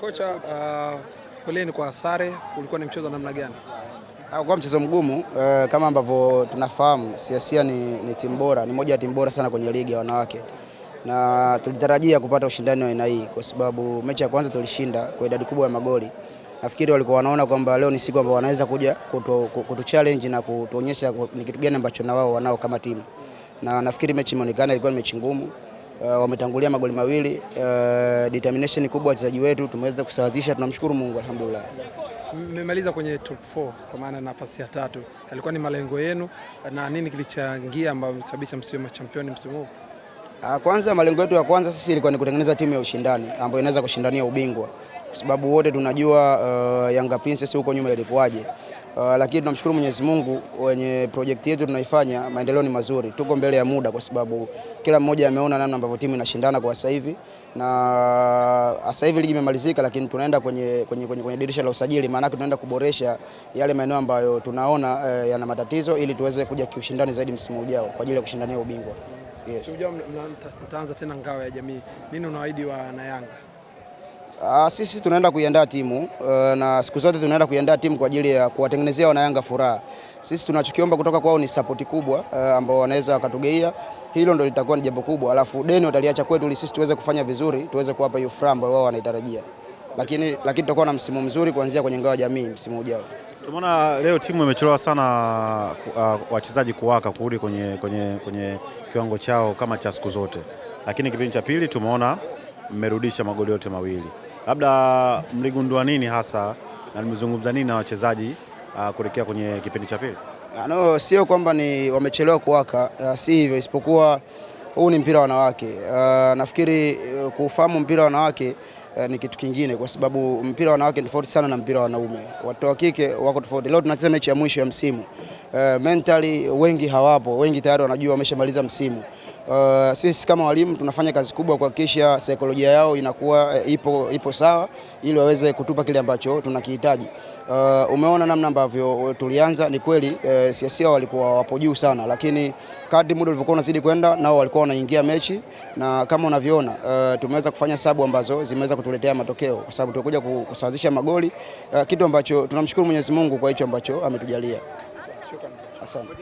Kocha, uh, kwa sare. Ulikuwa ni mchezo namna gani? Ah, kwa mchezo mgumu uh, kama ambavyo tunafahamu Siasia ni, ni timu bora, ni moja ya timu bora sana kwenye ligi ya wanawake, na tulitarajia kupata ushindani wa aina hii kwa sababu mechi ya kwanza tulishinda kwa idadi kubwa ya magoli. Nafikiri walikuwa wanaona kwamba leo ni siku ambayo wanaweza kuja kutu, kutu challenge na kutuonyesha ni kitu gani ambacho na wao wanao kama timu, na nafikiri mechi imeonekana ilikuwa ni mechi ngumu uh, wametangulia magoli mawili uh, determination kubwa wachezaji wetu, tumeweza kusawazisha, tunamshukuru Mungu alhamdulillah. Mmemaliza kwenye top 4 kwa maana nafasi ya tatu, alikuwa ni malengo yenu na nini kilichangia ambayo msababisha msiwe machampioni msimu huu? Ah, kwanza, malengo yetu ya kwanza sisi ilikuwa ni kutengeneza timu ya ushindani ambayo inaweza kushindania ubingwa, kwa sababu wote tunajua uh, Yanga Princess huko nyuma ilikuwaje. Uh, lakini tunamshukuru Mwenyezi Mungu wenye projekti yetu tunaifanya, maendeleo ni mazuri, tuko mbele ya muda, kwa sababu kila mmoja ameona namna ambavyo timu inashindana kwa sasa hivi, na uh, sasa hivi ligi imemalizika, lakini tunaenda kwenye, kwenye, kwenye, kwenye dirisha la usajili, maana tunaenda kuboresha yale maeneo ambayo tunaona eh, yana matatizo, ili tuweze kuja kiushindani zaidi msimu ujao kwa ajili ya kushindania ubingwa. Yes. Mtaanza tena ngao ya jamii, nini unawaahidi na Yanga? Ah, sisi tunaenda kuiandaa timu uh, na siku zote tunaenda kuiandaa timu kwa ajili ya kuwatengenezea wanayanga furaha. Sisi tunachokiomba kutoka kwao ni sapoti kubwa uh, ambao wanaweza wakatugeia, hilo ndo litakuwa ni jambo kubwa, alafu deni wataliacha kwetu ili sisi tuweze kufanya vizuri, tuweze kuwapa hiyo furaha ambayo wao wanaitarajia, lakini lakini tutakuwa na msimu mzuri kuanzia kwenye ngao ya jamii msimu ujao. Tumeona leo timu imechelewa sana uh, wachezaji kuwaka kurudi kwenye, kwenye, kwenye kiwango chao kama cha siku zote, lakini kipindi cha pili tumeona mmerudisha magoli yote mawili, labda mligundua nini hasa na nimezungumza nini na wachezaji uh, kuelekea kwenye kipindi cha pili? Ah, no, sio kwamba ni wamechelewa kuwaka, uh, si hivyo, isipokuwa huu ni mpira wa wanawake. Uh, nafikiri uh, kufahamu mpira wa wanawake uh, ni kitu kingine, kwa sababu mpira wa wanawake ni tofauti sana na mpira wa wanaume. Watoto wa kike wako tofauti. Leo tunacheza mechi ya mwisho ya msimu. Uh, mentally wengi hawapo, wengi tayari wanajua wameshamaliza msimu. Uh, sisi kama walimu tunafanya kazi kubwa kuhakikisha saikolojia yao inakuwa uh, ipo, ipo sawa ili waweze kutupa kile ambacho tunakihitaji. Uh, umeona namna ambavyo tulianza, ni kweli uh, siasia walikuwa wapo juu sana, lakini kadri muda ulivyokuwa unazidi kwenda nao walikuwa wanaingia mechi, na kama unavyoona uh, tumeweza kufanya sabu ambazo zimeweza kutuletea matokeo, kwa sababu tulikuja kusawazisha magoli uh, kitu ambacho tunamshukuru Mwenyezi Mungu kwa hicho ambacho ametujalia. Asante.